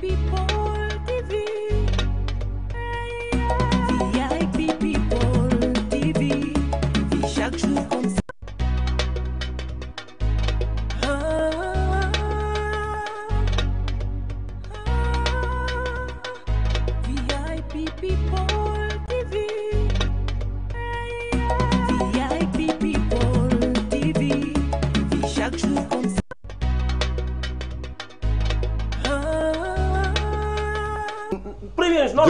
people.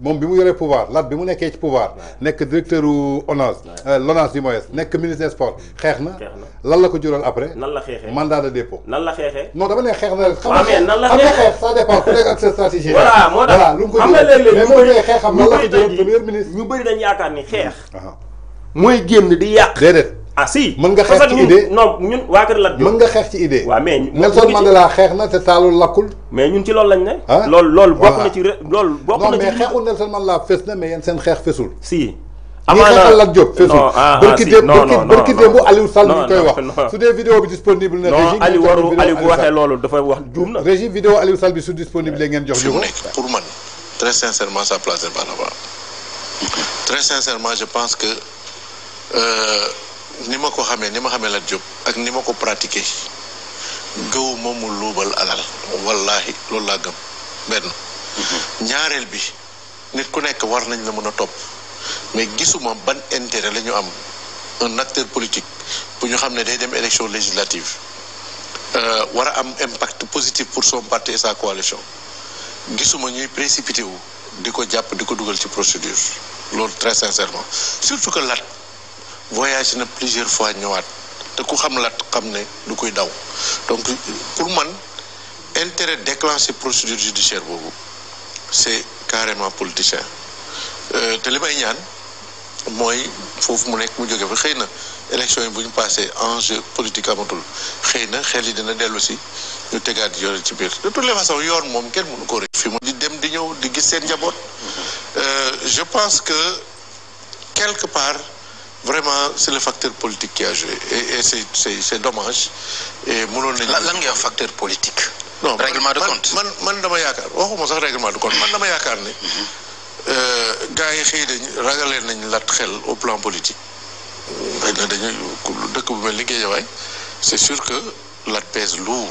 mom bi mu yoree pouvoir lat bi mu nekkee ci pouvoir nekk directeur u ONAS l'ONAS du moyes nekk ministre des sports xeex na lan la ko jural après nan la xeexee mandat de dépôt nan la xeexee non dama ne xeex na rek xam nga xeex ça dépend ku nekk ak sa stratégie voilà moo tax lu mu ko léeg-léeg mais moo ne xeexam lan la ko jural premier ministre ñu bëri dañ yaakaar ni xeex mooy génn di yàq déedéet ah si mën nga xeex ci idée non ñun waa Kër xeex ci idée waaw mais Nelson na te taalul lakkul mais ñun ci lool lañ ne ah. lool loolu bokk na ci loolu bokk na ci non mais xeexu Nelson Mandela na mais yéen seen xeex fesul si amaana ñi xeexal Lat Diop ah, ah, bërki démb bu Aliou Sall koy wax su dee vidéo bi disponible na non Aliou waru Aliou bu waxee loolu dafa wax juum na bi su disponible ngeen jox ñu ko pour man très sincèrement ça place en avant très sincèrement je pense que euh, ni ma ko xamee ni ma xamee Lat Diop ak ni ma ko pratiqué gëw ma mu luubal alal wallahi loolu laa gëm benn mhm. ñaareel bi nit ku nekk war nañ la mën a topp mais gisuma ban intérêt la ñu am un acteur politique bu ñu xam ne day dem élection législative euh, war a am impact positif pour son parti et sa coalition gisuma ñuy précipité wu di ko jàpp di ko dugal ci procédure loolu très sincèrement surtout que Lat voyagé na plusieurs fois ñëwaat te ku xam lat xam ne du koy daw donc pour man intérêt déclencher procédure judiciaire bobu c'est carrément politicien euh li may ñaan moy fofu mu nek mu jóge fa xeyna élection yi bu ñu passé enjeu politique amatul xeyna xel yi dina dellu si ñu tégaat yoon ci biir de toutes les façons yoon moom kenn mënu ko rek fi mu di dem di ñëw di gis seen euh je pense que quelque part vraiment c'est le facteur politique qui a joué et, et c'est c'est dommage et mënoon nañu. lan ngay facteur politique. non règlement de compte man man dama oh, waxuma sax règlement de compte man dama yaakaar ne. Mhm. Euh, gars yi xëy dañ ragalee nañ lat xel au plan politique. xëy na dëkk bu mel c'est sûr que lat pèse lourd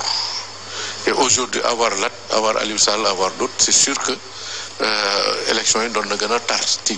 et aujourd'hui avoir lat avoir Aliou Sall avoir d'autres c'est sûr que l'élection euh, yi doon na gën a tar ci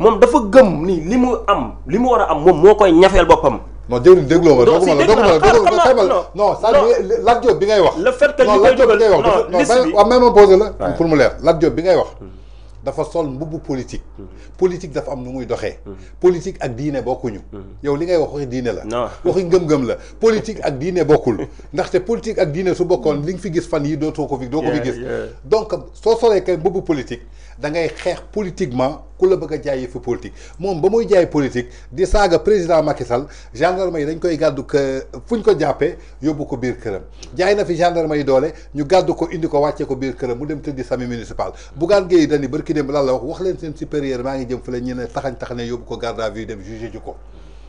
mom dafa gëm ni limu am limu wara am mom mokoy koy ñafeel boppam. non jëwriñ dégloo ma dooguma la dooguma la dooguma non ça Lat Diop bi ngay wax. le fait que ñu koy dugal non liste même poser posé la. pour mu leer Lat Diop bi ngay wax. Mm-hmm. dafa sol mbubu politique. Mm-hmm. politique dafa am nu muy doxé mm-hmm. politique ak diiné bokkuñu. yow li ngay wax waxi diiné la. waxi ngëm-ngëm la politique ak diine bokkul. té politique ak diiné su bokkoon li nga fi gis fan yi dootoo ko fi doo ko fi gis. donc so solee kay mbubu politique da ngay xeex politiquement. ku la bëgg a jaay yëfu politique moom ba muy jaay politique di saaga président Macky Sall gendarme yi dañ koy gàddu que fu ñu ko jàppee yóbbu ko biir këram jaay na fi gendarme yi doole ñu gàddu ko indi ko wàccee ko biir këram mu dem tëddi sami municipal Bougane Gueye Dany barki dem lan la wax wax leen seen supérieur maa ngi jëm fële ñu ne taxañ taxane yóbbu ko garde à vue dem jugé ji ko.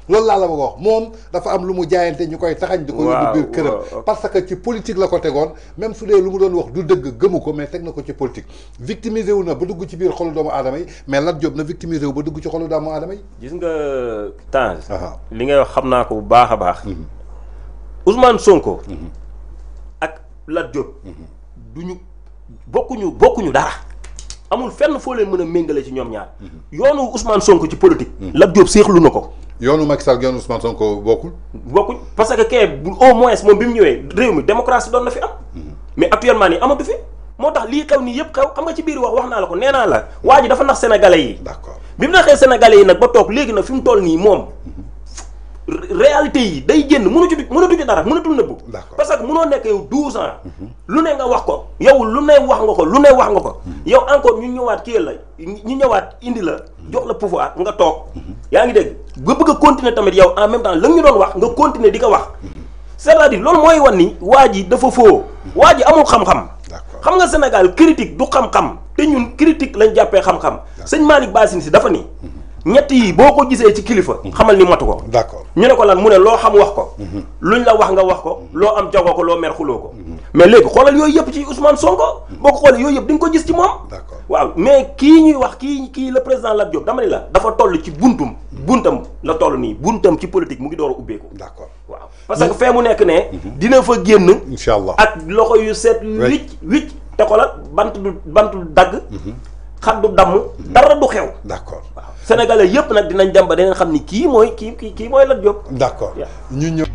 loolu laa la bëgg a wax moom dafa am lu mu jaayante ñu koy taxañ di ko yóbbu biir këram parce que ci politique la ko tegoon même su dee lu mu doon wax du dëgg gëmu ko mais teg na ko ci politique victimisé wu na ba dugg ci biir xolu doomu aadama yi mais Lat Diop na victimisé wu ba dugg ci xolu doomu aadama yi gis nga Tange li ngay wax xam naa ko bu baax a baax mhm. Ousmane Sonko mhm. ak Lat Diop mhm. duñu bokkuñu bokkuñu dara amul fenn foo leen mën a méngale ci ñoom ñaar yoonu Ousmane Sonko ci politique Lat Diop séexlu na ko yoonu Macky Ousmane Sonko parce que au moins démocratie doon na mhm. mais actuellement nii amatu fi. moo tax lii xew xam nga ci biir wax wax naa la la dafa nax sénégalais yi. d'accord bi mu sénégalais yi nag ba toog léegi nag toll mhm. réalité yi day ci dara parce que 12 ans. Mhm. lu ne nga wax ko yow lu ne wax nga ko lu ne wax nga ko hmm. yow encore ñu ñëwaat kii la ñu ñëwaat indi la hmm. jox la pouvoir nga toog hmm. yaa ngi de nga bëgg continuer tamit yow en même temps la ñu doon wax nga continuer di ko wax c'est-à-dire loolu mooy wan ni waa ji dafa foo waa ji amul xam-xam xam nga Sénégal critique du xam-xam te ñun critique lañ jàppee xam-xam sëñ Malick Bassine si dafa ni ñett yi boko ko ci kilifa. xamal ni matuko d'accord ñu ne ko lan mu ne lo xam wax ko. Mhm. luñ la wax nga wax ko. Mhm. lo am jagoo ko lo mer xulo ko. Mhm. mais léegi xolal yooyu yëpp ci Ousmane Sonko. boko xolal xoolee yooyu yëpp ko gis ci mom d'accord waaw mais ki ñuy wax ki ki le président Lat dama ni la. dafa tollu ci buntum. buntam la tollu ni buntam ci politique mu ngi door a ubbeeku. d'accord waaw parce que fe mu nek ne. dina fa genn inshallah ak loxo yu set wicc wicc te xoolal bantu du bant du xar du damm dara du xew. d' accord waaw sénégalais yëpp nag dinañ dem ba dinañ xam ni kii mooy kii kii kii mooy la Diop. d' accord ñu